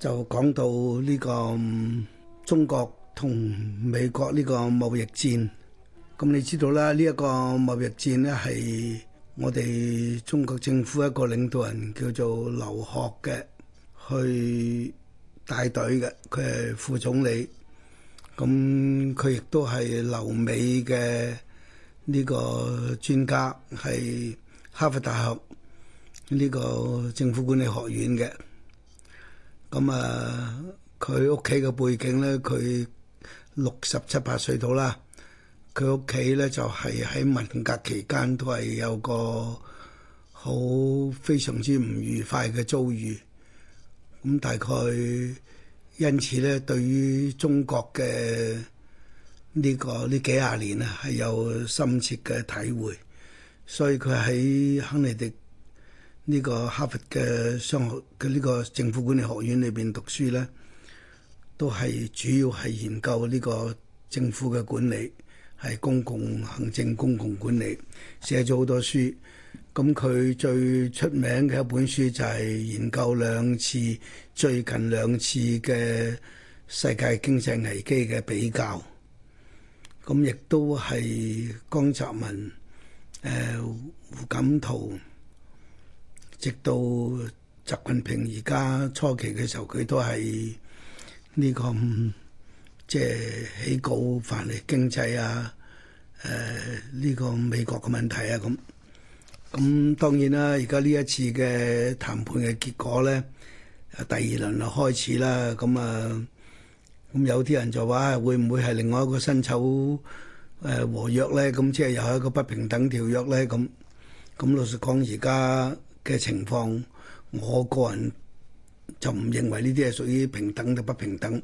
就講到呢個中國同美國呢個貿易戰，咁你知道啦？呢、這、一個貿易戰呢係我哋中國政府一個領導人叫做劉鶴嘅去帶隊嘅，佢係副總理。咁佢亦都係留美嘅呢個專家，係哈佛大學呢個政府管理學院嘅。咁啊，佢屋企嘅背景咧，佢六十七八歲到啦。佢屋企咧就係、是、喺文革期間都係有個好非常之唔愉快嘅遭遇。咁、嗯、大概因此咧，對於中國嘅、這個、呢個呢幾廿年啊，係有深切嘅體會，所以佢喺亨利迪。呢個哈佛嘅商學嘅呢個政府管理學院裏邊讀書咧，都係主要係研究呢個政府嘅管理，係公共行政、公共管理，寫咗好多書。咁佢最出名嘅一本書就係研究兩次最近兩次嘅世界經濟危機嘅比較。咁亦都係江澤民、誒、呃、胡錦濤。直到習近平而家初期嘅時候，佢都係呢、這個即係、嗯就是、起稿，凡係經濟啊，誒、呃、呢、這個美國嘅問題啊，咁咁當然啦。而家呢一次嘅談判嘅結果咧，第二輪就開始啦。咁啊，咁有啲人就話，會唔會係另外一個辛丑誒和約咧？咁即係又係一個不平等條約咧？咁咁，老實講，而家。嘅情況，我個人就唔認為呢啲係屬於平等嘅不平等，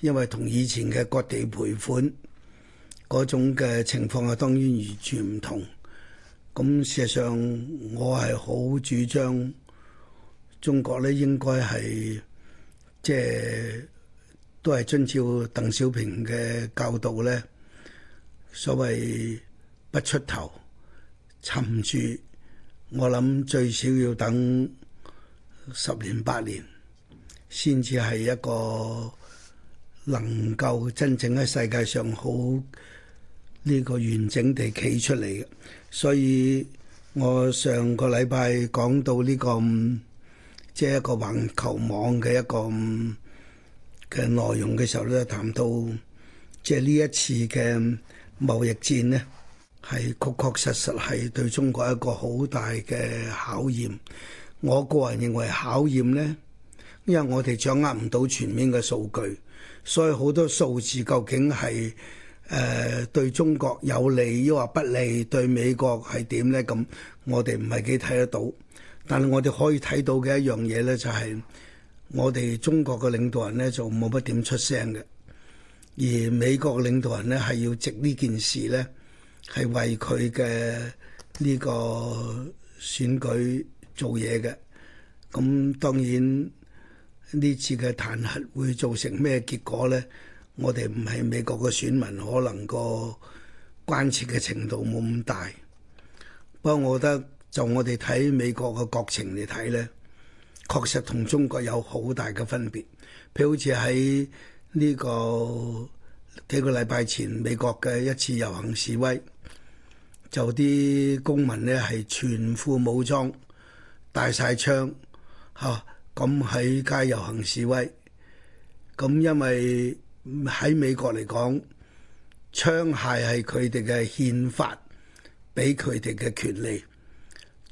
因為同以前嘅割地賠款嗰種嘅情況啊，當然完全唔同。咁事實上，我係好主張中國咧，應該係即係都係遵照鄧小平嘅教導咧，所謂不出頭，沉住。我諗最少要等十年八年，先至係一個能夠真正喺世界上好呢個完整地企出嚟嘅。所以我上個禮拜講到呢個即係一個環球網嘅一個嘅內容嘅時候咧，談到即係呢一次嘅貿易戰咧。係確確實實係對中國一個好大嘅考驗。我個人認為考驗咧，因為我哋掌握唔到全面嘅數據，所以好多數字究竟係誒、呃、對中國有利抑或不利？對美國係點咧？咁我哋唔係幾睇得到，但係我哋可以睇到嘅一樣嘢咧，就係、是、我哋中國嘅領導人咧就冇乜點出聲嘅，而美國領導人咧係要藉呢件事咧。係為佢嘅呢個選舉做嘢嘅，咁當然呢次嘅彈劾會造成咩結果咧？我哋唔係美國嘅選民，可能個關切嘅程度冇咁大。不過我覺得就我哋睇美國嘅國情嚟睇咧，確實同中國有好大嘅分別。譬如好似喺呢個幾個禮拜前美國嘅一次遊行示威。就啲公民咧係全副武裝，帶晒槍嚇，咁，啊，喺街遊行示威。咁因為喺美國嚟講，槍械係佢哋嘅憲法，俾佢哋嘅權利，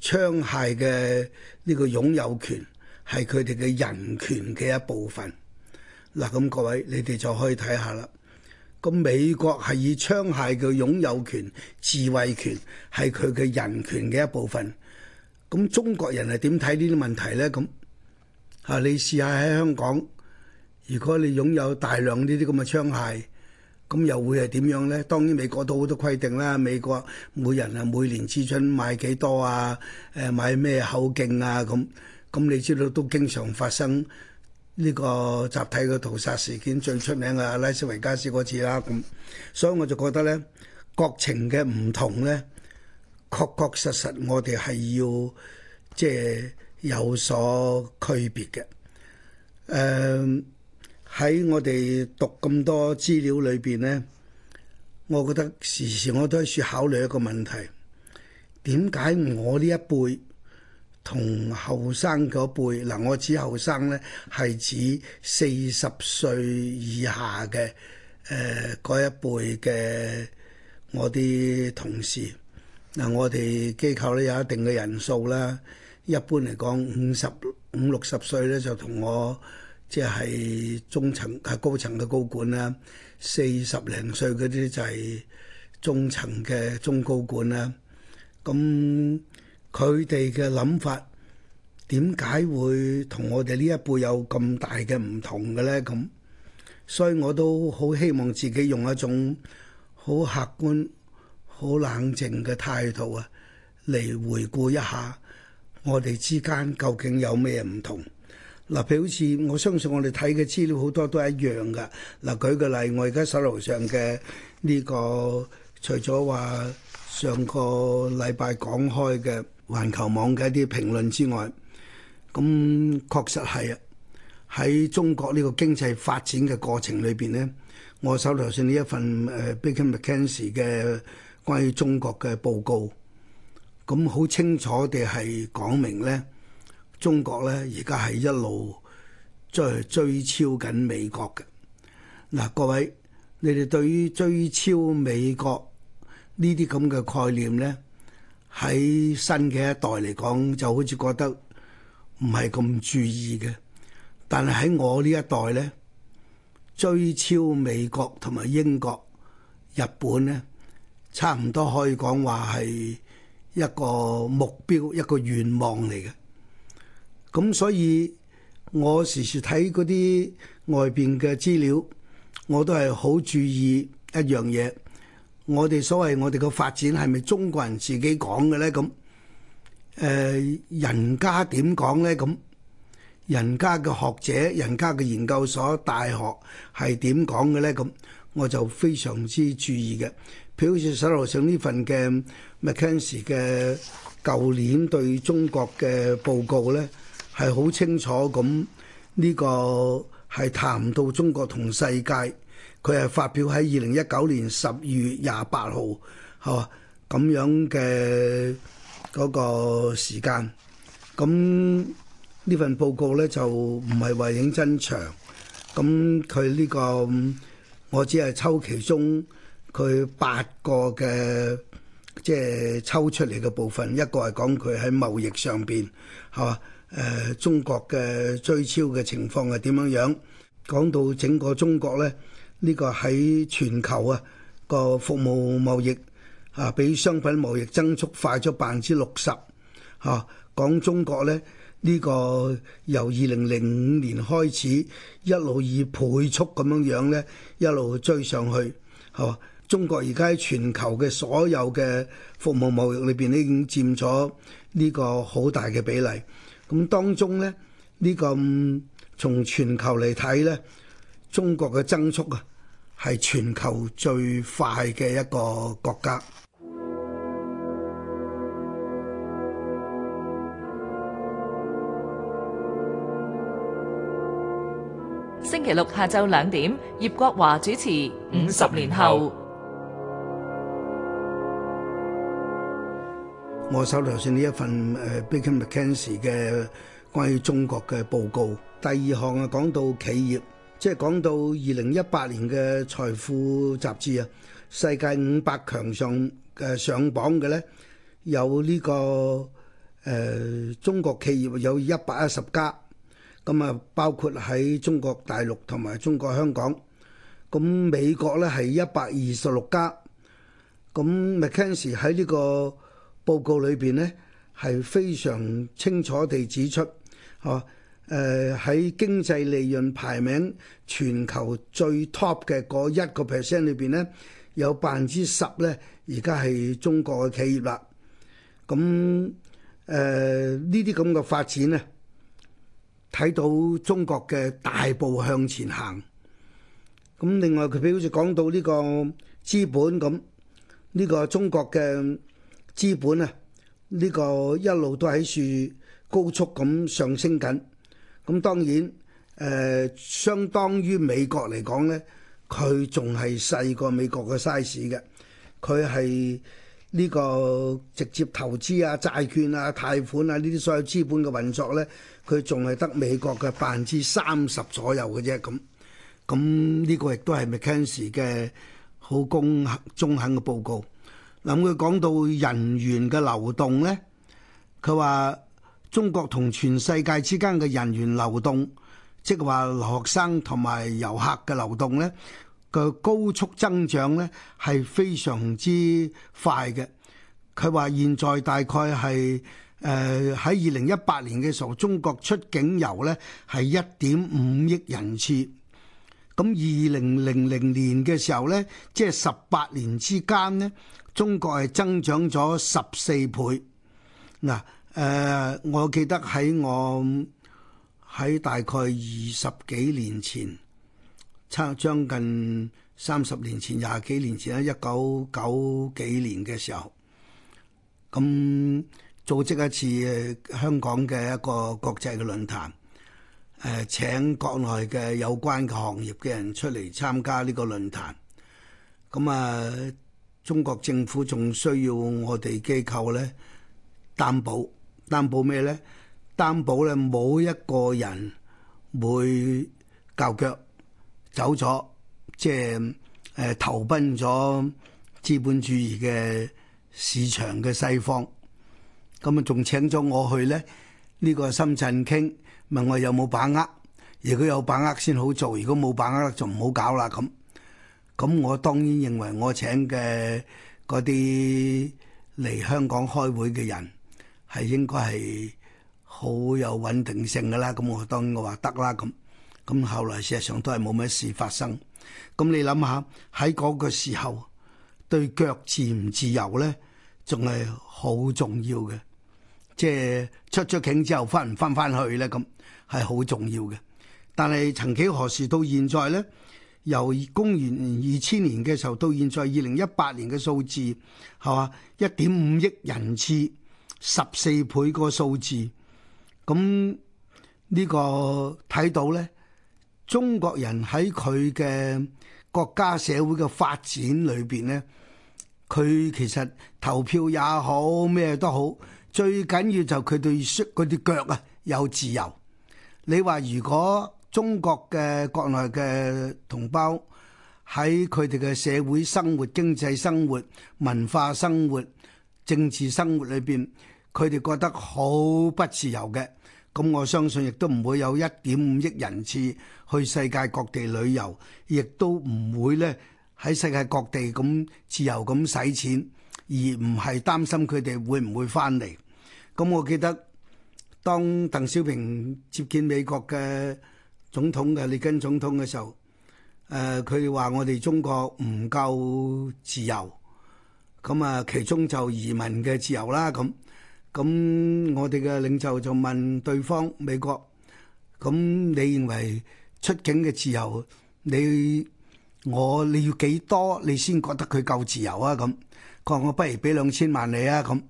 槍械嘅呢個擁有權係佢哋嘅人權嘅一部分。嗱，咁各位你哋就可以睇下啦。咁美國係以槍械嘅擁有權、自衛權係佢嘅人權嘅一部分。咁中國人係點睇呢啲問題呢？咁吓，你試下喺香港，如果你擁有大量呢啲咁嘅槍械，咁又會係點樣呢？當然美國都好多規定啦。美國每人啊每年批准買幾多啊？誒，買咩口徑啊？咁咁，你知道都經常發生。呢個集體嘅屠殺事件最出名嘅拉斯維加斯嗰次啦，咁所以我就覺得咧國情嘅唔同咧，確確實實我哋係要即係有所區別嘅。誒、呃、喺我哋讀咁多資料裏邊咧，我覺得時時我都喺度考慮一個問題：點解我呢一輩？同後生嗰輩，嗱我指後生咧，係指四十歲以下嘅，誒、呃、嗰一輩嘅我啲同事。嗱、呃、我哋機構咧有一定嘅人數啦，一般嚟講五十五六十歲咧就同我即係、就是、中層、係高層嘅高管啦，四十零歲嗰啲就係中層嘅中高管啦，咁、嗯。佢哋嘅諗法點解會同我哋呢一輩有咁大嘅唔同嘅咧？咁，所以我都好希望自己用一種好客觀、好冷靜嘅態度啊，嚟回顧一下我哋之間究竟有咩唔同。嗱，譬如好似我相信我哋睇嘅資料好多都係一樣噶。嗱，舉個例，我而家手路上嘅呢個，除咗話上個禮拜講開嘅。環球網嘅一啲評論之外，咁確實係啊！喺中，中，中國呢個經濟發展嘅過程裏邊咧，我手頭上呢一份誒 Baker McKenzie 嘅關於中國嘅報告，咁好清楚地係講明咧，中國咧而家係一路在追，追超緊美國嘅。嗱，各位，你哋對於追超美國呢啲咁嘅概念咧？喺新嘅一代嚟講，就好似覺得唔係咁注意嘅。但係喺我呢一代咧，追超美國同埋英國、日本咧，差唔多可以講話係一個目標、一個願望嚟嘅。咁所以，我時時睇嗰啲外邊嘅資料，我都係好注意一樣嘢。我哋所謂我哋個發展係咪中國人自己講嘅咧？咁誒、呃，人家點講咧？咁人家嘅學者、人家嘅研究所、大學係點講嘅咧？咁我就非常之注意嘅。譬如好似手路上呢份嘅 McKinsey 嘅舊年對中國嘅報告咧，係好清楚咁，呢、呢個係談到中國同世界。佢係發表喺二零一九年十二月廿八號，嚇咁樣嘅嗰個時間。咁呢份報告咧就唔係話認真長。咁佢呢個我只係抽其中佢八個嘅，即係抽出嚟嘅部分。一個係講佢喺貿易上邊嚇，誒，呃，中國嘅追超嘅情況係點樣樣？講到整個中國咧。呢個喺全球啊個服務貿易啊比商品貿易增速快咗百分之六十，嚇、啊、講中國咧呢、呢個由二零零五年開始一路以倍速咁樣樣咧一路追上去，嚇、啊、中國而家喺全球嘅所有嘅服務貿易裏邊已經佔咗呢個好大嘅比例，咁、啊、當中咧呢、呢個從、嗯、全球嚟睇咧。中國嘅增速啊，係全球最快嘅一個國家。星期六下晝兩點，葉國華主持《五十年後》。我手頭上呢一份誒 Baker McKenzie 嘅關於中國嘅報告，第二項啊講到企業。即係講到二零一八年嘅財富雜誌啊，世界五百強上嘅、呃、上榜嘅咧，有呢、這個誒、呃、中國企業有一百一十家，咁、嗯、啊包括喺中國大陸同埋中國香港，咁、嗯、美國咧係一百二十六家，咁、嗯、McKinsey 喺呢個報告裏邊咧係非常清楚地指出，嚇、啊。誒喺、呃、經濟利潤排名全球最 top 嘅嗰一個 percent 裏邊咧，有百分之十咧，而家係中國嘅企業啦。咁誒呢啲咁嘅發展咧，睇到中國嘅大步向前行。咁另外佢比好似講到呢個資本咁，呢個中國嘅資本啊，呢個一路都喺度高速咁上升緊。咁當然，誒、呃、相當於美國嚟講咧，佢仲係細過美國嘅 size 嘅，佢係呢個直接投資啊、債券啊、貸款啊呢啲所有資本嘅運作咧，佢仲係得美國嘅百分之三十左右嘅啫。咁咁呢個亦都係 McKenzie 嘅好公中肯嘅報告。嗱、嗯，佢講到人員嘅流動咧，佢話。中國同全世界之間嘅人員流動，即係話學生同埋遊客嘅流動咧，個高速增長咧係非常之快嘅。佢話現在大概係誒喺二零一八年嘅時候，中國出境遊咧係一點五億人次。咁二零零零年嘅時候咧，即係十八年之間咧，中國係增長咗十四倍嗱。誒，uh, 我記得喺我喺大概二十幾年前，差將近三十年前、廿幾年前咧，一九九幾年嘅時候，咁組織一次誒香港嘅一個國際嘅論壇，誒、呃、請國內嘅有關嘅行業嘅人出嚟參加呢個論壇。咁啊，中國政府仲需要我哋機構咧擔保。擔保咩咧？擔保咧，冇一個人會教腳走咗，即係誒投奔咗資本主義嘅市場嘅西方。咁啊，仲請咗我去咧，呢個深圳傾，問我有冇把握？如果有把握先好做，如果冇把握就唔好搞啦咁。咁我當然認為我請嘅嗰啲嚟香港開會嘅人係應該係好有穩定性㗎啦，咁我當然我話得啦。咁咁後嚟事實上都係冇咩事發生。咁你諗下喺嗰個時候對腳自唔自由咧，仲係好重要嘅。即係出咗境之後返唔返返去咧，咁係好重要嘅。但係曾幾何時到現在咧？由公元二千年嘅時候到現在二零一八年嘅數字係嘛，一點五億人次。十四倍個數字，咁呢個睇到咧，中國人喺佢嘅國家社會嘅發展裏邊咧，佢其實投票也好咩都好，最緊要就佢對手佢對腳啊有自由。你話如果中國嘅國內嘅同胞喺佢哋嘅社會生活、經濟生活、文化生活。政治生活裏邊，佢哋覺得好不自由嘅，咁我相信亦都唔會有一點五億人次去世界各地旅遊，亦都唔會呢喺世界各地咁自由咁使錢，而唔係擔心佢哋會唔會翻嚟。咁我記得當鄧小平接見美國嘅總統嘅列根總統嘅時候，誒佢哋話我哋中國唔夠自由。咁啊，其中就移民嘅自由啦，咁咁我哋嘅領袖就問對方美國，咁你認為出境嘅自由，你我你要幾多，你先覺得佢夠自由啊？咁佢話我不如俾兩千萬你啊，咁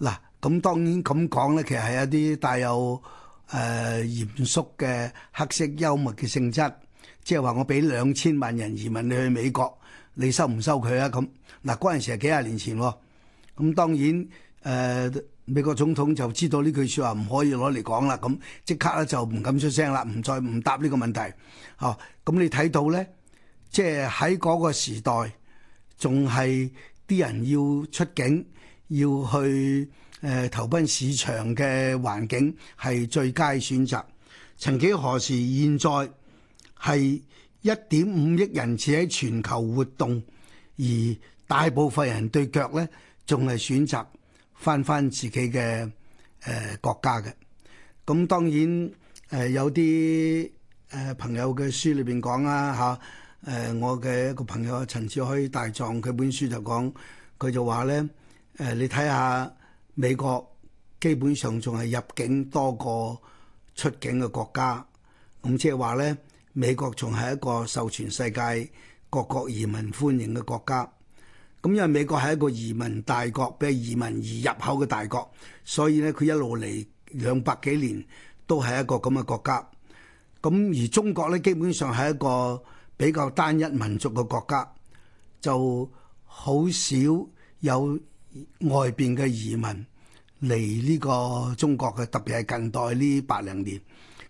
嗱，咁當然咁講咧，其實係一啲帶有誒嚴肅嘅黑色幽默嘅性質，即係話我俾兩千萬人移民你去美國，你收唔收佢啊？咁嗱，嗰陣時係幾廿年前喎。咁當然，誒、呃、美國總統就知道呢句説話唔可以攞嚟講啦。咁即刻咧就唔敢出聲啦，唔再唔答呢個問題。哦，咁你睇到咧，即係喺嗰個時代，仲係啲人要出境，要去誒、呃、投奔市場嘅環境係最佳選擇。曾幾何時，現在係？一點五億人次喺全球活動，而大部分人對腳咧，仲係選擇翻返自己嘅誒、呃、國家嘅。咁當然誒、呃、有啲誒朋友嘅書裏邊講啦。嚇、啊，誒、呃、我嘅一個朋友陳志海大狀佢本書就講，佢就話咧誒你睇下美國基本上仲係入境多過出境嘅國家，咁即係話咧。美國仲係一個受全世界各國移民歡迎嘅國家，咁因為美國係一個移民大國，俾移民而入口嘅大國，所以咧佢一路嚟兩百幾年都係一個咁嘅國家。咁而中國咧基本上係一個比較單一民族嘅國家，就好少有外邊嘅移民嚟呢個中國嘅，特別係近代呢八零年。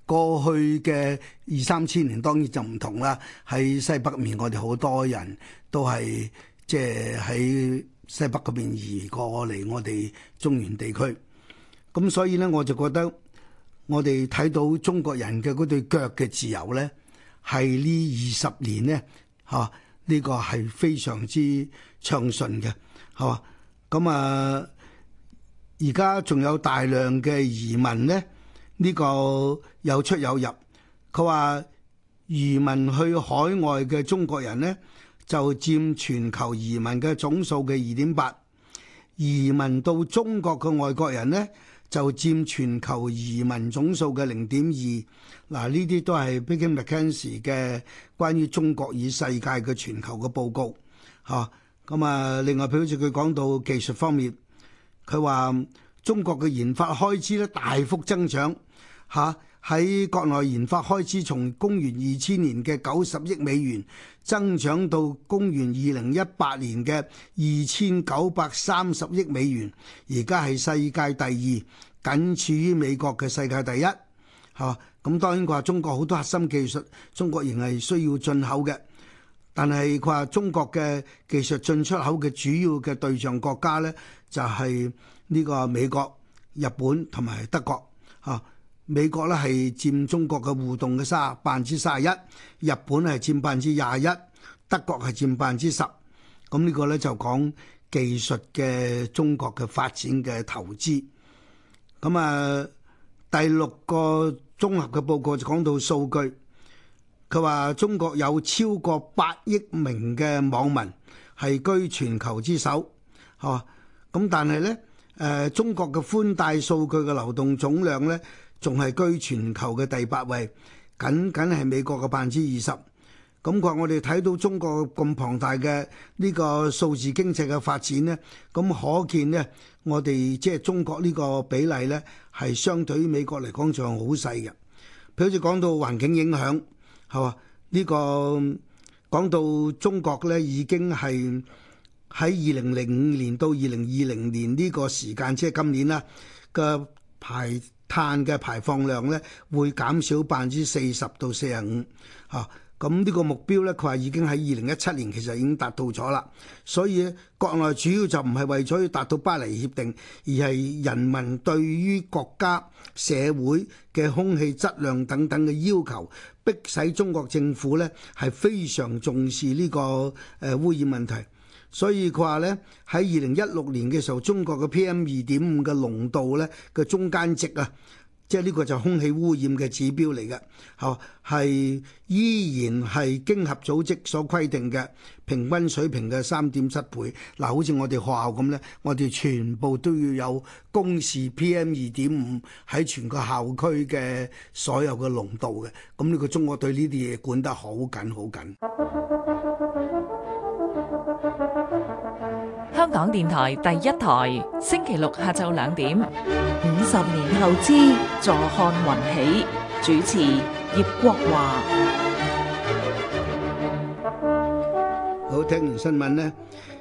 過去嘅二三千年當然就唔同啦，喺西北面，我哋好多人都係即係喺西北嗰邊移過嚟我哋中原地區。咁所以咧，我就覺得我哋睇到中國人嘅嗰對腳嘅自由咧，係呢二十年咧嚇，呢、這個係非常之暢順嘅嚇。咁啊，而家仲有大量嘅移民咧。呢個有出有入，佢話移民去海外嘅中國人咧，就佔全球移民嘅總數嘅二點八；移民到中國嘅外國人咧，就佔全球移民總數嘅零點二。嗱，呢啲都係 McKinsey 嘅關於中國與世界嘅全球嘅報告。嚇、啊，咁啊，另外譬如住佢講到技術方面，佢話中國嘅研發開支咧，大幅增長。嚇！喺國內研發開支從公元二千年嘅九十億美元增長到公元二零一八年嘅二千九百三十億美元，而家係世界第二，僅次於美國嘅世界第一。嚇！咁當然佢話中國好多核心技術，中國仍係需要進口嘅。但係佢話中國嘅技術進出口嘅主要嘅對象國家呢，就係呢個美國、日本同埋德國。嚇！美國咧係佔中國嘅互動嘅卅百分之卅一，日本係佔百分之廿一，德國係佔百分之十。咁呢個咧就講技術嘅中國嘅發展嘅投資。咁啊，第六個綜合嘅報告就講到數據，佢話中國有超過八億名嘅網民係居全球之首，嚇、啊。咁但係咧，誒、呃、中國嘅寬帶數據嘅流動總量咧，仲係居全球嘅第八位，僅僅係美國嘅百分之二十。感覺我哋睇到中國咁龐大嘅呢個數字經濟嘅發展呢，咁可見呢，我哋即係中國呢個比例呢，係相對於美國嚟講仲好細嘅。譬如講到環境影響，係嘛？呢個講到中國呢，已經係喺二零零五年到二零二零年呢個時間，即係今年啦嘅排碳嘅排放量咧會減少百分之四十到四十五，啊咁呢個目標咧，佢話已經喺二零一七年其實已經達到咗啦。所以咧，國內主要就唔係為咗要達到巴黎協定，而係人民對於國家社會嘅空氣質量等等嘅要求，迫使中國政府咧係非常重視呢個誒污染問題。所以佢話呢，喺二零一六年嘅時候，中國嘅 PM 二點五嘅濃度呢，嘅中間值啊，即係呢個就空氣污染嘅指標嚟嘅，係係依然係經合組織所規定嘅平均水平嘅三點七倍。嗱，好似我哋學校咁呢，我哋全部都要有公示 PM 二點五喺全個校區嘅所有嘅濃度嘅。咁呢個中國對呢啲嘢管得好緊好緊。港電台第一台，星期六下晝兩點。五十年投資，坐看雲起。主持葉國華。好，聽完新聞呢，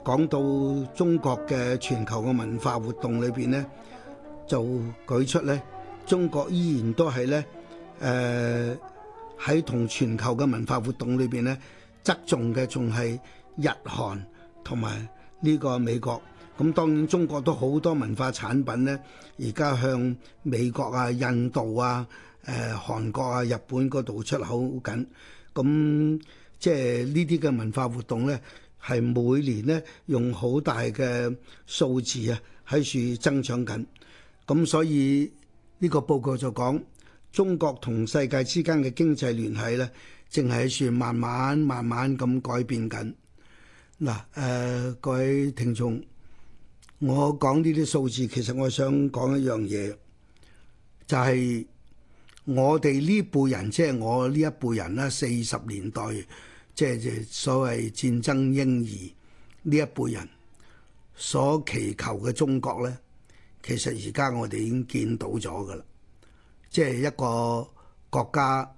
講到中國嘅全球嘅文化活動裏邊呢，就舉出呢，中國依然都係呢，誒喺同全球嘅文化活動裏邊呢，側重嘅仲係日韓同埋。呢個美國，咁當然中國都好多文化產品咧，而家向美國啊、印度啊、誒、呃、韓國啊、日本嗰度出口緊，咁即係呢啲嘅文化活動咧，係每年咧用好大嘅數字啊，喺處增長緊。咁所以呢個報告就講，中國同世界之間嘅經濟聯繫咧，正係喺處慢慢慢慢咁改變緊。嗱，誒、呃、各位聽眾，我講呢啲數字，其實我想講一樣嘢，就係、是、我哋呢輩人，即、就、係、是、我呢一輩人咧，四十年代即係、就是、所謂戰爭嬰兒呢一輩人所祈求嘅中國咧，其實而家我哋已經見到咗噶啦，即、就、係、是、一個國家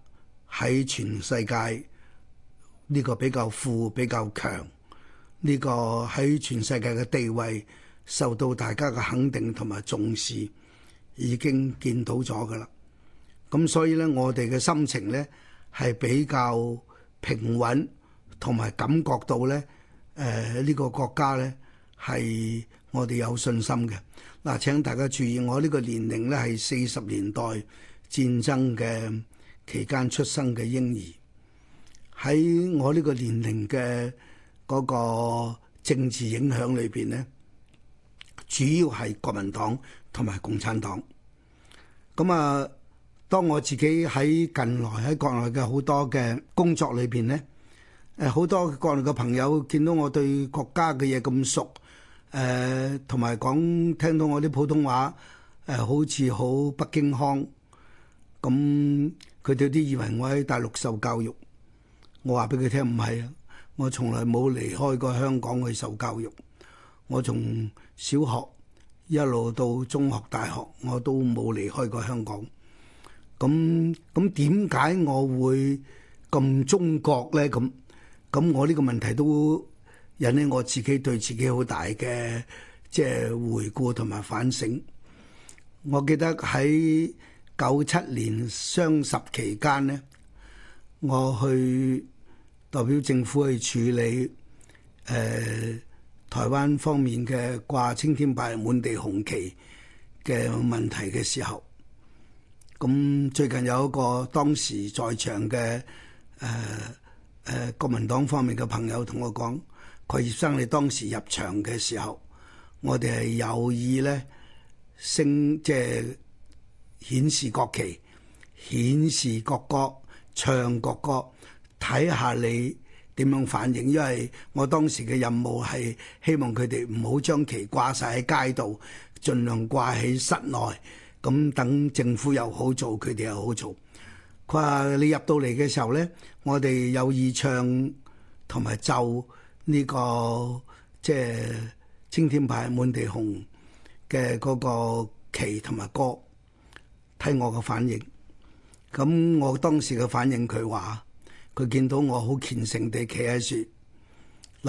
喺全世界呢、這個比較富、比較強。呢個喺全世界嘅地位受到大家嘅肯定同埋重視，已經見到咗㗎喇。咁所以咧，我哋嘅心情咧係比較平穩，同埋感覺到咧，誒呢個國家咧係我哋有信心嘅。嗱，請大家注意，我呢個年齡咧係四十年代戰爭嘅期間出生嘅嬰兒，喺我呢個年齡嘅。嗰個政治影響裏邊呢，主要係國民黨同埋共產黨。咁啊，當我自己喺近來喺國內嘅好多嘅工作裏邊呢，誒好多國內嘅朋友見到我對國家嘅嘢咁熟，誒同埋講聽到我啲普通話誒、呃、好似好北京腔，咁佢哋都以為我喺大陸受教育，我話俾佢聽唔係啊。我從來冇離開過香港去受教育，我從小學一路到中學、大學，我都冇離開過香港。咁咁點解我會咁中國咧？咁咁我呢個問題都引起我自己對自己好大嘅即係回顧同埋反省。我記得喺九七年雙十期間咧，我去，代表政府去處理誒、呃、台灣方面嘅掛青天白日滿地紅旗嘅問題嘅時候，咁、嗯、最近有一個當時在場嘅誒誒國民黨方面嘅朋友同我講，佢，葉生你當時入場嘅時候，我哋係有意咧升即係顯示國旗、顯示國歌、唱國歌。睇下你點樣反應，因為我當時嘅任務係希望佢哋唔好將旗掛晒喺街度，盡量掛喺室內。咁等政府又好做，佢哋又好做。佢話：你入到嚟嘅時候咧，我哋有意唱同埋奏呢、這個即係、就是、青天白日、滿地紅嘅嗰個旗同埋歌，睇我嘅反應。咁我當時嘅反應，佢話。佢見到我好虔誠地企喺度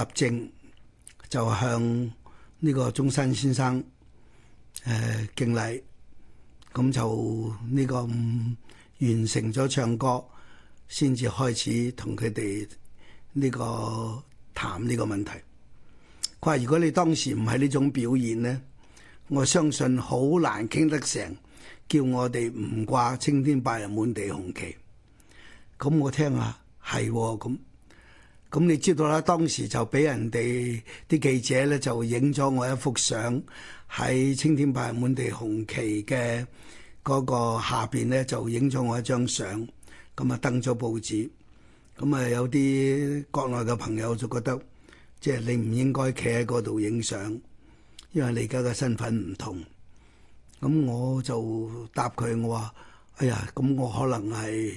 立正，就向呢個中山先生誒、呃、敬禮。咁就呢、呢個、嗯、完成咗唱歌，先至開始同佢哋呢個談呢個問題。佢話：如果你當時唔係呢種表現咧，我相信好難傾得成，叫我哋唔掛青天白日滿地紅旗。咁我聽下。係喎，咁咁你知道啦。當時就俾人哋啲記者咧，就影咗我一幅相喺青天白日滿地紅旗嘅嗰個下邊咧，就影咗我一張相。咁啊登咗報紙。咁啊有啲國內嘅朋友就覺得，即係你唔應該企喺嗰度影相，因為你而家嘅身份唔同。咁我就答佢，我話：哎呀，咁我可能係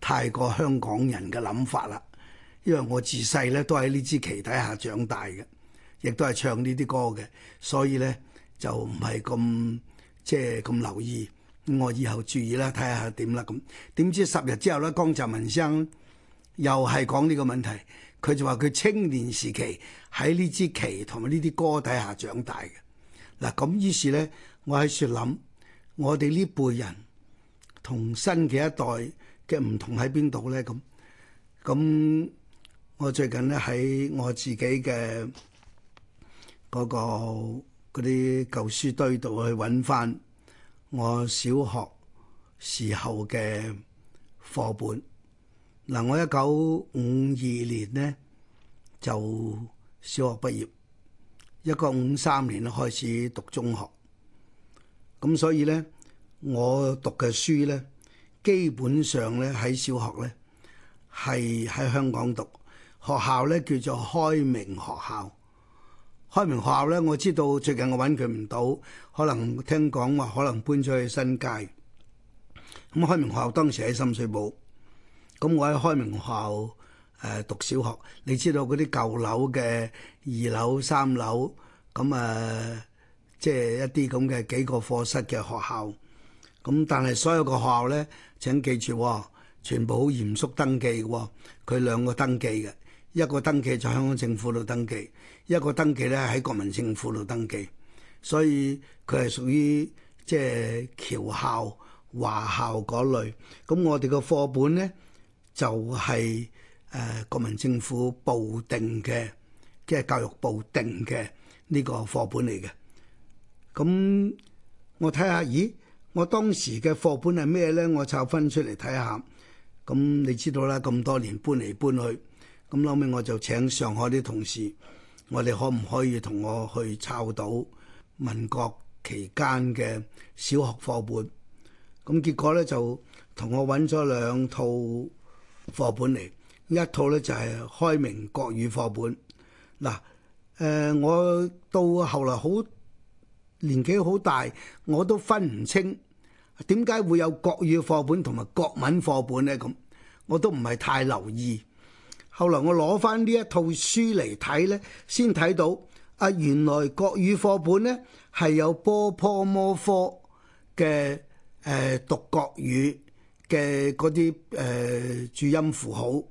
太過香港人嘅諗法啦，因為我自細咧都喺呢支旗底下長大嘅，亦都係唱呢啲歌嘅，所以咧就唔係咁即係咁留意。我以後注意啦，睇下點啦。咁點知十日之後咧，江澤民先生又係講呢個問題，佢就話佢青年時期喺呢支旗同埋呢啲歌底下長大嘅嗱。咁於是咧，我喺度諗，我哋呢輩人同新嘅一代。嘅唔同喺邊度咧？咁咁，我最近咧喺我自己嘅嗰個嗰啲舊書堆度去揾翻我小學時候嘅課本。嗱，我一九五二年咧就小學畢業，一九五三年咧開始讀中學。咁所以咧，我讀嘅書咧。基本上咧喺小學咧係喺香港讀學校咧叫做開明學校。開明學校咧我知道最近我搵佢唔到，可能聽講話可能搬咗去新界。咁開明學校當時喺深水埗。咁我喺開明學校誒讀小學，你知道嗰啲舊樓嘅二樓、三樓，咁啊即係一啲咁嘅幾個課室嘅學校。咁但係所有個學校咧。請記住，哦、全部好嚴肅登記嘅。佢、哦、兩個登記嘅，一個登記就香港政府度登記，一個登記咧喺國民政府度登記。所以佢係屬於即係僑校、華校嗰類。咁我哋嘅課本咧就係、是、誒、呃、國民政府佈定嘅，即係教育部定嘅呢個課本嚟嘅。咁我睇下，咦？我當時嘅課本係咩咧？我抄分出嚟睇下，咁你知道啦。咁多年搬嚟搬去，咁後尾我就請上海啲同事，我哋可唔可以同我去抄到民國期間嘅小學課本？咁結果咧就同我揾咗兩套課本嚟，一套咧就係開明國語課本。嗱，誒我到後來好年紀好大，我都分唔清。點解會有國語課本同埋國文課本呢？咁我都唔係太留意。後來我攞翻呢一套書嚟睇呢，先睇到啊，原來國語課本呢係有波坡摩科嘅，誒讀國語嘅嗰啲誒注音符號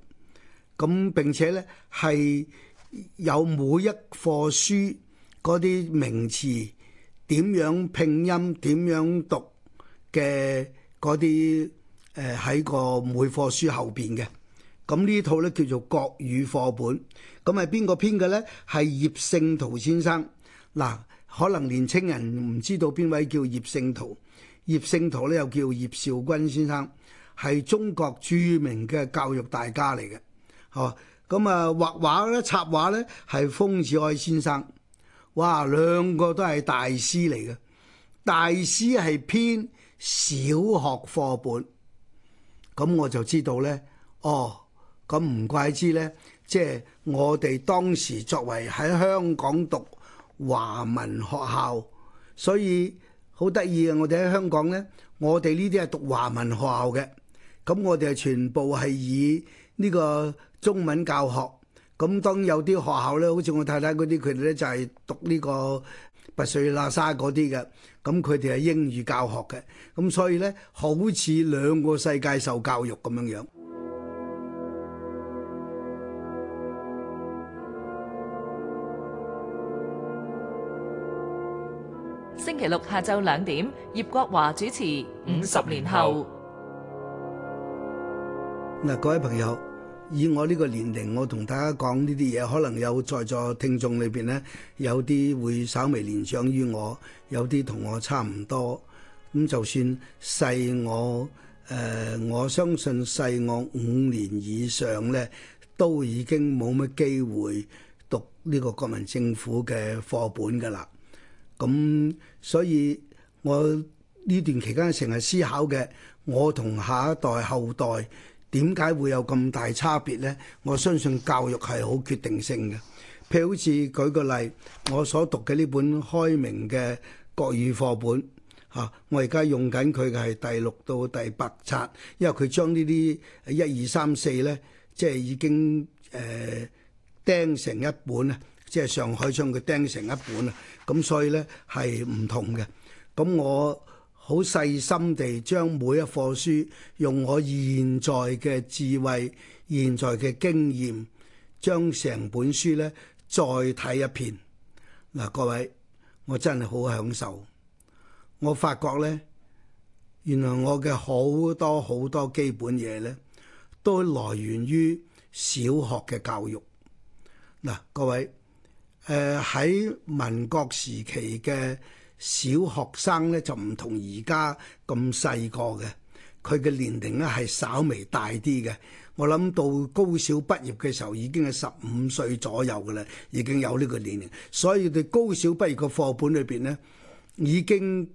咁，並且呢係有每一課書嗰啲名詞點樣拼音，點樣讀。嘅嗰啲誒喺個每課書後邊嘅。咁呢套呢，叫做國語課本，咁係邊個編嘅呢？係葉聖陶先生嗱，可能年青人唔知道邊位叫葉聖陶。葉聖陶呢又叫葉紹鈞先生，係中國著名嘅教育大家嚟嘅，哦咁啊，啊畫畫咧，插畫呢係豐子愷先生，哇兩個都係大師嚟嘅，大師係編。小學課本，咁我就知道呢。哦，咁唔怪之呢，即係我哋當時作為喺香港讀華文學校，所以好得意呀。我哋喺香港呢，我哋呢啲係讀華文學校嘅，咁我哋係全部係以呢個中文教學。咁當有啲學校呢，好似我太太嗰啲，佢哋呢，就係讀呢個。佛瑞那沙嗰啲嘅，咁佢哋係英語教學嘅，咁所以咧好似兩個世界受教育咁樣樣。星期六下晝兩點，葉國華主持《五十年後》。嗱，各位朋友。以我呢個年齡，我同大家講呢啲嘢，可能有在座聽眾裏邊咧，有啲會稍微年長於我，有啲同我差唔多。咁就算細我，誒、呃、我相信細我五年以上咧，都已經冇乜機會讀呢個國民政府嘅課本㗎喇。咁所以我呢段期間成日思考嘅，我同下一代後代。點解會有咁大差別咧？我相信教育係好決定性嘅。譬如好似舉個例，我所讀嘅呢本開明嘅國語課本，嚇，我而家用緊佢嘅係第六到第八冊，因為佢將呢啲一二三四咧，即係已經誒、呃、釘成一本咧，即係上海將佢釘成一本啊，咁所以咧係唔同嘅。咁我。好細心地將每一課書，用我現在嘅智慧、現在嘅經驗，將成本書咧再睇一遍。嗱，各位，我真係好享受。我發覺咧，原來我嘅好多好多基本嘢咧，都來源於小學嘅教育。嗱，各位，誒、呃、喺民國時期嘅。小學生咧就唔同而家咁細個嘅，佢嘅年齡咧係稍微大啲嘅。我諗到高小畢業嘅時候已經係十五歲左右嘅啦，已經有呢個年齡，所以對高小畢業嘅課本裏邊咧已經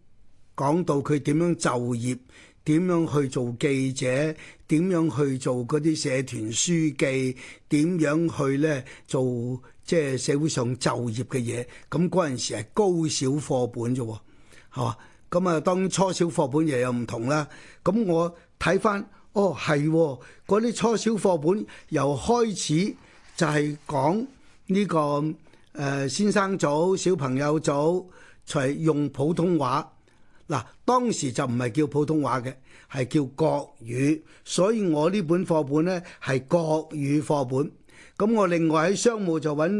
講到佢點樣就業。點樣去做記者？點樣去做嗰啲社團書記？點樣去咧做即係、就是、社會上就業嘅嘢？咁嗰陣時係高小課本啫，係嘛？咁啊，當初小課本又有唔同啦。咁我睇翻，哦係，嗰啲初小課本由開始就係講呢個誒先生組、小朋友組，就係用普通話。嗱，當時就唔係叫普通話嘅，係叫國語，所以我呢本課本呢係國語課本。咁我另外喺商務就揾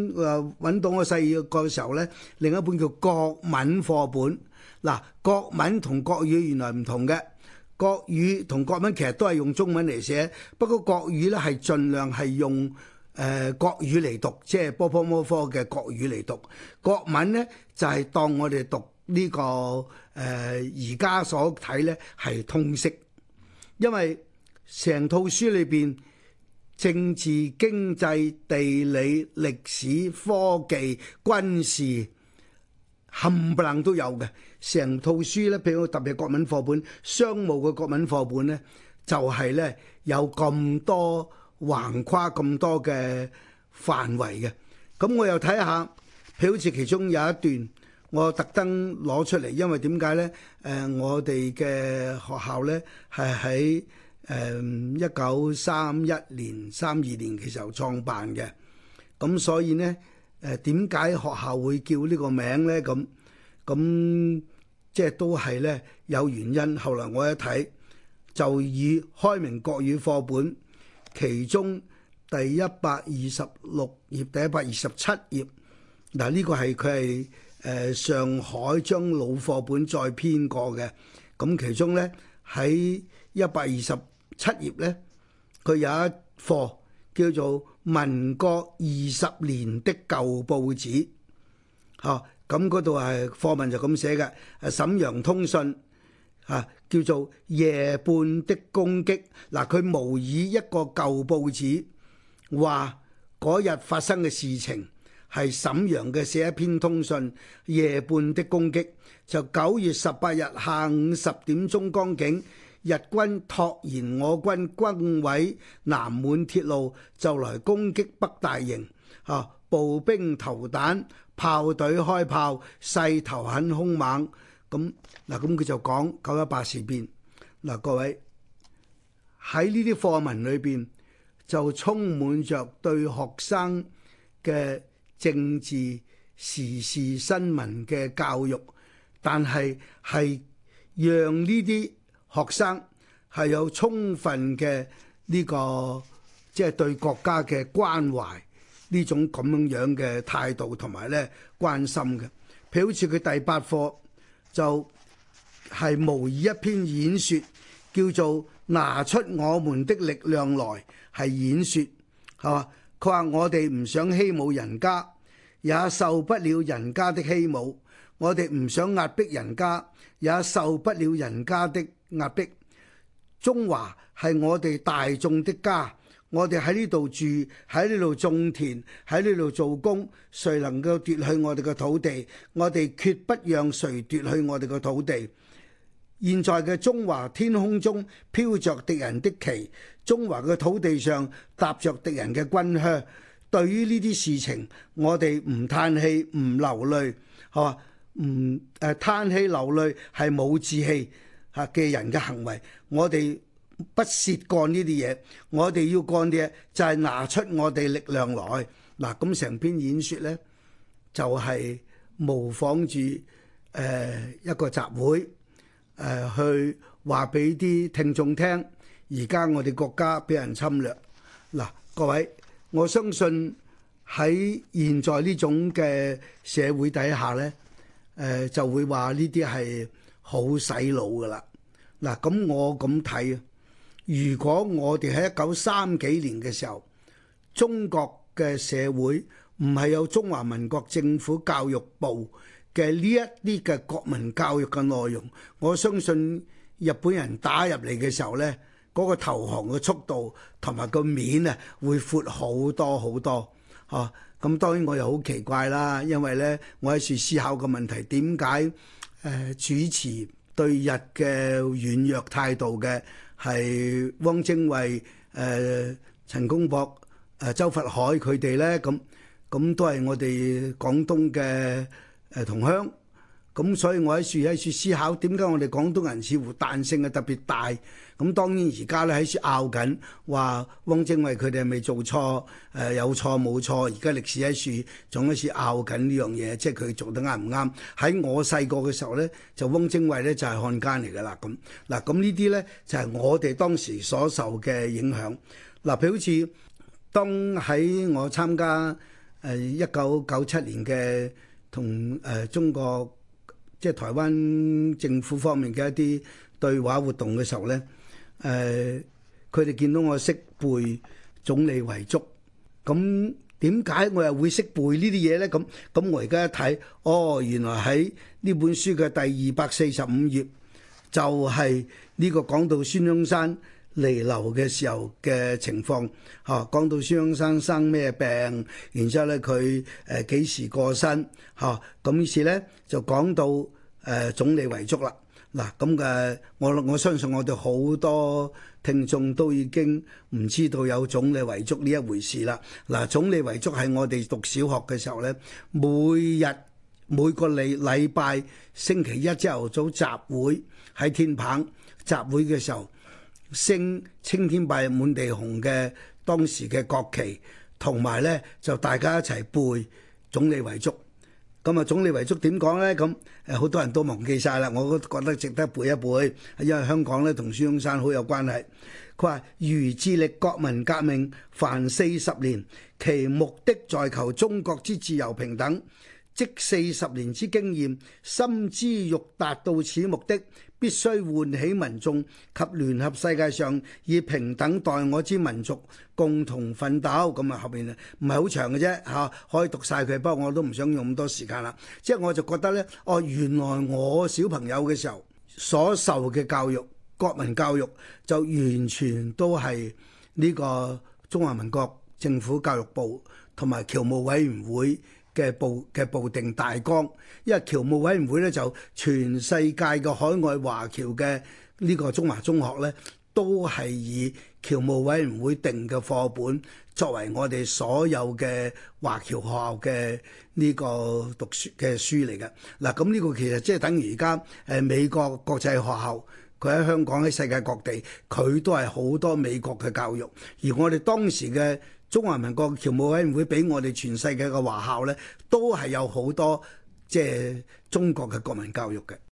誒到我細個嘅時候呢，另一本叫國文課本。嗱，國文同國語原來唔同嘅。國語同國文其實都係用中文嚟寫，不過國語呢係盡量係用誒、呃、國語嚟讀，即係波波摩科嘅國語嚟讀。國文呢就係、是、當我哋讀。這個呃、呢個誒而家所睇呢係通識，因為成套書裏邊政治、經濟、地理、歷史、科技、軍事冚唪唥都有嘅。成套書呢，譬如特別國文課本，商務嘅國文課本呢，就係、是、呢有咁多橫跨咁多嘅範圍嘅。咁我又睇下，譬如好似其中有一段。我特登攞出嚟，因為點解咧？誒、呃，我哋嘅學校咧係喺誒一九三一年、三二年嘅時候創辦嘅，咁、嗯、所以咧誒點解學校會叫呢個名咧？咁咁即係都係咧有原因。後嚟我一睇就以開明國語課本其中第一百二十六頁、第一百二十七頁嗱，呢、啊呢個係佢係。誒上海將老課本再編過嘅，咁其中呢，喺一百二十七頁呢，佢有一課叫做《民國二十年的舊報紙》啊。嚇，咁嗰度係課文就咁寫嘅，《沈陽通訊》嚇、啊、叫做《夜半的攻擊》啊。嗱，佢模擬一個舊報紙，話嗰日發生嘅事情。係瀋陽嘅寫一篇通訊，《夜半的攻擊》就九月十八日下午十點鐘光景，日軍託言我軍軍委南滿鐵路就來攻擊北大營啊！步兵投彈，炮隊開炮，勢頭很兇猛。咁嗱，咁佢就講九一八事變嗱。各位喺呢啲課文裏邊就充滿著對學生嘅政治時事新聞嘅教育，但係係讓呢啲學生係有充分嘅呢個即係對國家嘅關懷呢種咁樣樣嘅態度同埋咧關心嘅，譬如好似佢第八課就係模擬一篇演説，叫做拿出我們的力量來，係演説，係嘛？佢話我哋唔想欺侮人家。也受不了人家的欺侮，我哋唔想壓迫人家，也受不了人家的壓迫。中華係我哋大眾的家，我哋喺呢度住，喺呢度種田，喺呢度做工。誰能夠奪去我哋嘅土地？我哋決不讓誰奪去我哋嘅土地。現在嘅中華天空中飄着敵人的旗，中華嘅土地上踏着敵人嘅軍靴。對於呢啲事情，我哋唔嘆氣唔流淚，嚇唔誒嘆氣流淚係冇志氣嚇嘅人嘅行為。我哋不屑幹呢啲嘢，我哋要幹嘅就係拿出我哋力量來。嗱，咁成篇演説呢就係模仿住誒一個集會誒去話俾啲聽眾聽。而家我哋國家俾人侵略，嗱各位。我相信喺現在呢種嘅社會底下咧，誒、呃、就會話呢啲係好洗腦噶啦。嗱，咁我咁睇啊，如果我哋喺一九三幾年嘅時候，中國嘅社會唔係有中華民國政府教育部嘅呢一啲嘅國民教育嘅內容，我相信日本人打入嚟嘅時候咧。嗰個投降嘅速度同埋個面啊，會闊好多好多嚇。咁當然我又好奇怪啦，因為咧，我喺度思考個問題，點解誒主持對日嘅軟弱態度嘅係汪精衛、誒陳公博、誒周佛海佢哋咧？咁咁都係我哋廣東嘅誒同鄉。咁所以我喺度喺度思考點解我哋廣東人似乎彈性啊特別大。咁當然而家咧喺度拗緊，話汪精衛佢哋係咪做錯？誒、呃、有錯冇錯？而家歷史喺度仲喺度拗緊呢樣嘢，即係佢做得啱唔啱？喺我細個嘅時候咧，就汪精衛咧就係、是、漢奸嚟㗎啦。咁嗱咁呢啲咧就係、是、我哋當時所受嘅影響。嗱譬如好似當喺我參加誒一九九七年嘅同誒中國。即係台灣政府方面嘅一啲對話活動嘅時候咧，誒、呃，佢哋見到我識背總理遺囑，咁點解我又會識背呢啲嘢咧？咁咁我而家一睇，哦，原來喺呢本書嘅第二百四十五頁，就係、是、呢個講到孫中山離流嘅時候嘅情況，嚇、啊，講到孫中山生咩病，然之後咧佢誒幾時過身，嚇、啊，咁於是咧就講到。誒總理遺囑啦，嗱咁嘅我我相信我哋好多聽眾都已經唔知道有總理遺囑呢一回事啦。嗱，總理遺囑係我哋讀小學嘅時候咧，每日每個禮禮拜星期一朝頭早集會喺天棚集會嘅時候，升青天白日滿地紅嘅當時嘅國旗，同埋咧就大家一齊背總理遺囑。咁啊，總理遺囑點講呢？咁誒，好多人都忘記晒啦。我都覺得值得背一背，因為香港咧同孫中山好有關係。佢話：如致力國民革命凡四十年，其目的在求中國之自由平等。即四十年之經驗，深知欲達到此目的，必須喚起民眾及聯合世界上以平等待我之民族共同奮鬥。咁啊，後面呢，唔係好長嘅啫，嚇可以讀晒佢。不過我都唔想用咁多時間啦。即係我就覺得咧，哦，原來我小朋友嘅時候所受嘅教育，國民教育就完全都係呢個中華民國政府教育部同埋僑務委員會。嘅布嘅部定大綱，因為僑務委員會咧，就全世界嘅海外華僑嘅呢個中華中學咧，都係以僑務委員會定嘅課本作為我哋所有嘅華僑學校嘅呢個讀書嘅書嚟嘅。嗱，咁呢個其實即係等於而家誒美國國際學校，佢喺香港喺世界各地，佢都係好多美國嘅教育，而我哋當時嘅。中華民國僑務委員會俾我哋全世界嘅華校咧，都係有好多即係、就是、中國嘅國民教育嘅。